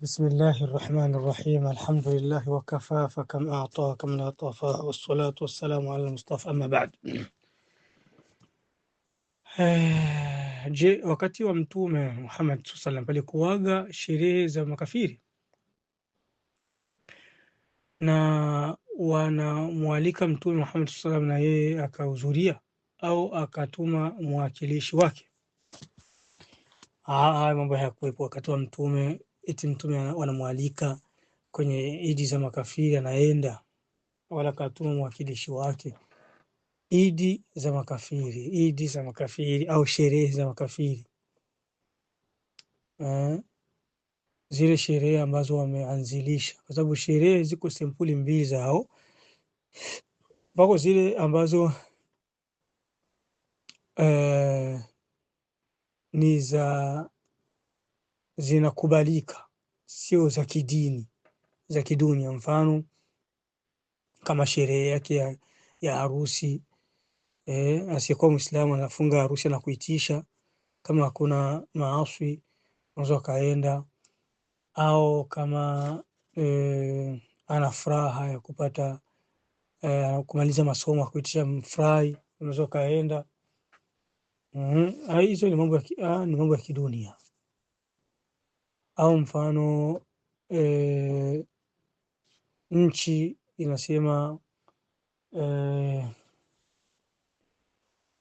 بسم الله الرحمن الرحيم الحمد لله وكفى فكم أعطى كم لا طفى والصلاة والسلام على المصطفى أما بعد Je, wakati wa Mtume Muhammad sallam palikuwaga sherehe za makafiri na wanamwalika Mtume Muhammad sallam na yeye akahudhuria au akatuma mwakilishi wake. Haya mambo hayakuwepo wakati wa Mtume eti mtume wanamwalika kwenye idi za makafiri anaenda, wala katuma mwakilishi wake. Idi za makafiri, idi za makafiri au sherehe za makafiri eh, zile sherehe ambazo wameanzilisha, kwa sababu sherehe ziko sempuli mbili zao, pako zile ambazo eh, ni za zinakubalika, sio za kidini, za kidunia. Mfano kama sherehe yake ya, ya harusi eh, asiyekuwa Mwislamu anafunga harusi na kuitisha, kama hakuna maaswi unaweza kaenda, au kama eh, ana furaha ya kupata eh, kumaliza masomo akuitisha mfurahi, unaweza kaenda. Mm-hmm. Ah, hizo mm -hmm. Ni mambo ya kidunia au mfano e, nchi inasema e,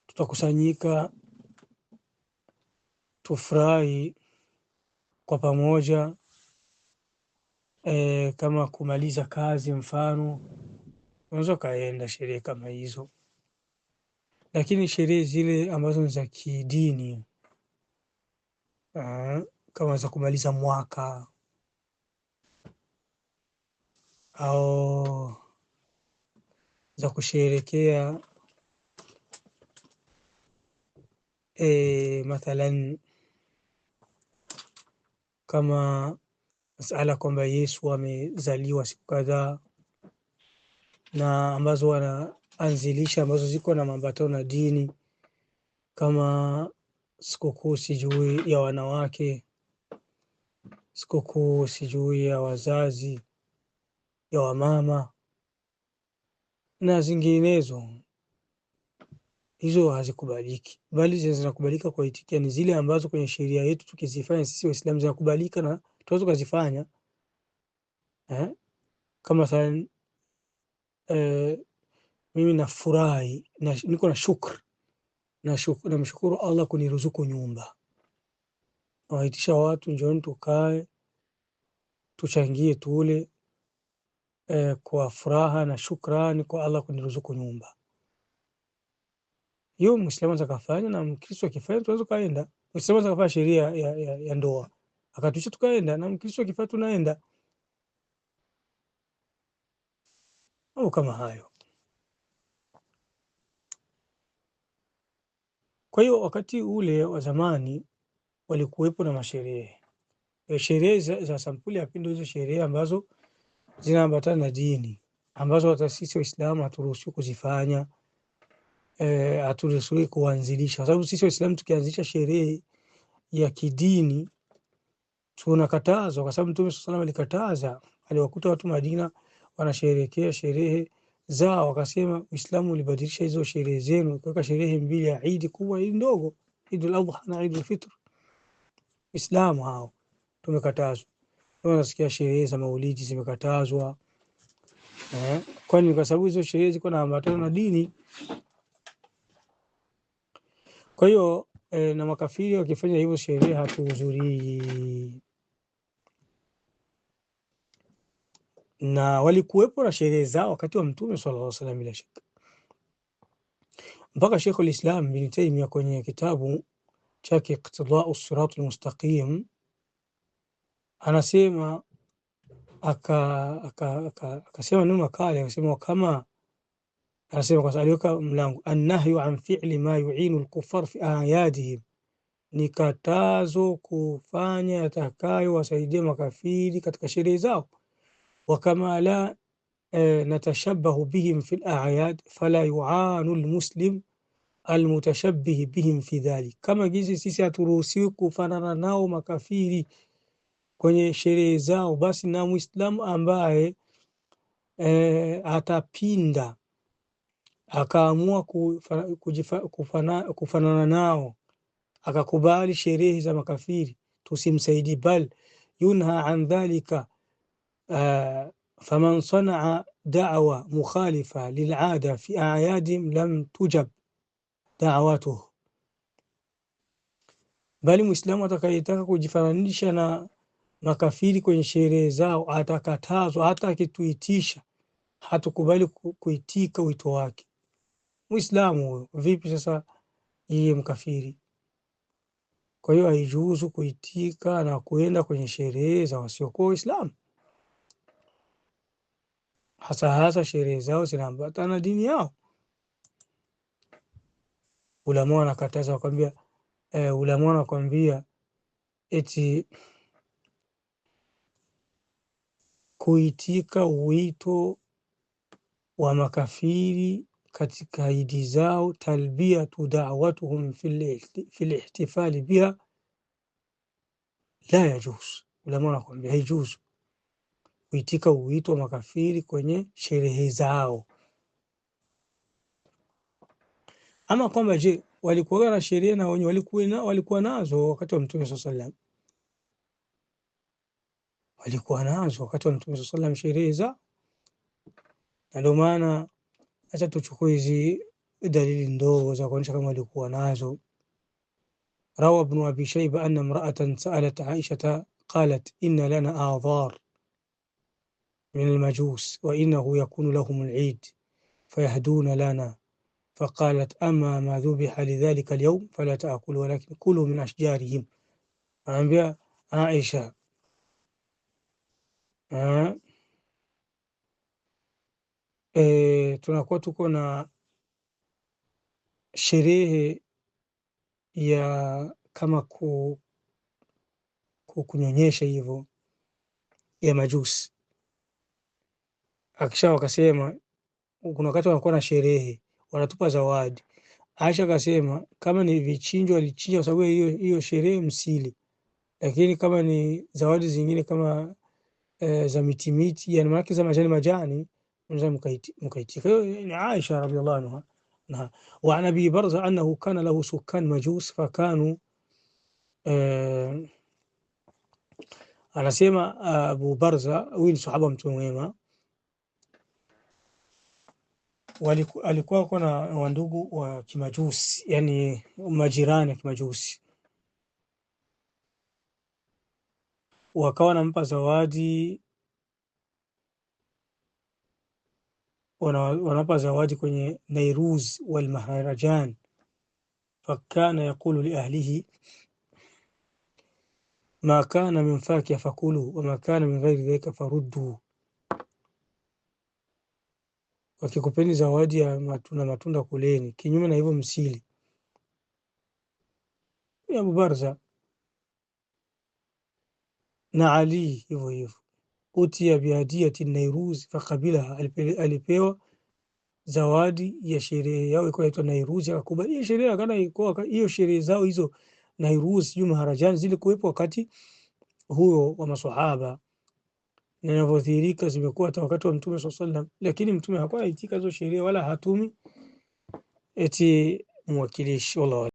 tutakusanyika tufurahi kwa pamoja e, kama kumaliza kazi mfano, unaweza ukaenda sherehe kama hizo, lakini sherehe zile ambazo ni za kidini ah, kama za kumaliza mwaka au za kusherekea e, mathalan kama masala kwamba Yesu amezaliwa siku kadhaa na ambazo wanaanzilisha ambazo ziko na mambatano na dini kama sikukuu sijui ya wanawake sikukuu sijui ya wazazi ya wamama na zinginezo, hizo hazikubaliki, bali zinakubalika kwa itikia ni zile ambazo kwenye sheria yetu tukizifanya sisi Waislamu zinakubalika na tunaweza kuzifanya eh? Kama mathalan eh, mimi nafurahi na, niko na shukr namshukuru na Allah kuniruzuku nyumba nawaitisha watu, njoni tukae tuchangie tule eh, kwa furaha na shukrani kwa Allah kuniruzuku nyumba hiyo. Mwislamu atakafanya na Mkristo akifanya, tunaweza ukaenda. Mwislamu akafanya sheria ya, ya, ya ndoa akatuisha, tukaenda na Mkristo akifanya, tunaenda au kama hayo. Kwa hiyo wakati ule wa zamani walikuwepo na masherehe. Eh, sherehe za, za sampuli ya pili hizo sherehe ambazo zinaambatana na dini ambazo hata sisi Waislamu haturuhusiwi kuzifanya, eh, haturuhusiwi e, kuanzilisha, kwa sababu sisi Waislamu tukianzisha sherehe ya kidini tunakatazwa, kwa sababu Mtume sasalam alikataza. Aliwakuta watu Madina wanasherehekea sherehe zao, wakasema Uislamu ulibadilisha hizo sherehe zenu, kuweka sherehe mbili ya Idi kubwa, Idi ndogo, Idul Adha na Idul Fitr islam hao tumekatazwa. Nasikia sherehe za maulidi zimekatazwa eh, kwani kwa sababu hizo sherehe ziko na ambatana na dini. Kwa hiyo eh, na makafiri wakifanya hivyo sherehe hatuhudhurii, na walikuwepo na sherehe zao wakati wa Mtume sallallahu alaihi wasallam, bila shaka mpaka Sheikhul Islam Ibn Taymiyyah kwenye kitabu čak i qtida'u siratu mustaqim, anasema aka akasema aka, aka neno makali akasema kama anasema kwa aliweka mlango annahyu an fi'li ma yu'inu al-kuffar fi ayadihim, ni katazo kufanya yatakayowasaidia makafiri katika sherehe zao. Wakama la eh, natashabahu bihim fi al-a'yad fala yu'anu al-muslim almutashabbihi bihim fi dhalik, kama jinsi sisi haturuhusiwi kufanana nao makafiri kwenye sherehe zao, basi na muislamu ambaye e, atapinda akaamua kufanana kufana, kufana nao akakubali sherehe za makafiri tusimsaidi, bal yunha an dhalika uh, faman sanaa da'wa mukhalifa lil'ada fi a'yadihim lam tujab da'awatuhu, bali Muislamu atakayetaka kujifananisha na makafiri kwenye sherehe zao atakatazwa, hata akituitisha hatukubali kuitika wito wake. Muislamu huyo vipi sasa yeye mkafiri? Kwa hiyo haijuzu kuitika na kuenda kwenye sherehe za wasiokuwa Waislamu, hasa hasa sherehe zao zinaambatana na dini yao ulama wanakataza wakwambia, eh, ulama wanakwambia eti kuitika wito wa makafiri katika idi zao, talbiatu dawatuhum fi lihtifali biha la yajuzu Ulama wanakwambia haijuzu kuitika wito wa makafiri kwenye sherehe zao. Ama kwamba je, walikuwa na sheria na wenye walikuwa walikuwa nazo wakati wa Mtume swalla sallam? Walikuwa nazo wakati wa Mtume swalla sallam sheria za, na ndio maana acha tuchukue hizi dalili ndogo za kuonyesha kama walikuwa nazo. Rawa Ibnu Abi Shayba anna imra'atan sa'alat Aisha qalat inna lana a'dhar min al-majus wa innahu yakunu lahum al-eid fayahduna lana faqalat ama ma dhubiha lidhalika alyawm fala taakulu walakin kulu min ashjarihim, anambia Aisha E, tunakuwa tuko na sherehe ya kama ku, ku hivyo ya majusi akisha wakasema, kuna wakati wanakuwa na sherehe wanatupa zawadi. Aisha akasema kama ni vichinjwa alichinja kwa sababu hiyo hiyo sherehe msili, lakini kama ni zawadi zingine kama e, za mitimiti yani maana za majani majani mnaweza mkaitika. Kwa hiyo ni Aisha radhiallahu anha na wa anabi barza annahu kana lahu sukan majus fakanu e, eh, anasema Abu Barza huyu ni sahaba mtu mwema alikuwa kuwa na wandugu wa Kimajusi, yani majirani ya Kimajusi, wakawa wanampa zawadi, wanampa zawadi kwenye Nairuz walmaharajan Fakana yaqulu liahlihi ma kana min fakia fakulu wa ma kana min ghairi dhalika faruddu wakikupeni zawadi ya matunda, matunda kuleni, kinyume na hivyo msili. Abu Barza na Ali hivyo hivyo, utiya biadiyati Nairuzi fakabilaha, alipewa zawadi ya sherehe yao ilikuwa inaitwa Nairuzi, akakubali hiyo sherehe. Kana hiyo sherehe zao hizo Nairuzi juu maharajani zilikuwepo wakati huo wa maswahaba na inavyodhihirika zimekuwa hata wakati wa Mtume swalla sallam, lakini Mtume hakuwa aitika hizo sheria wala hatumi eti mwakilishi. wala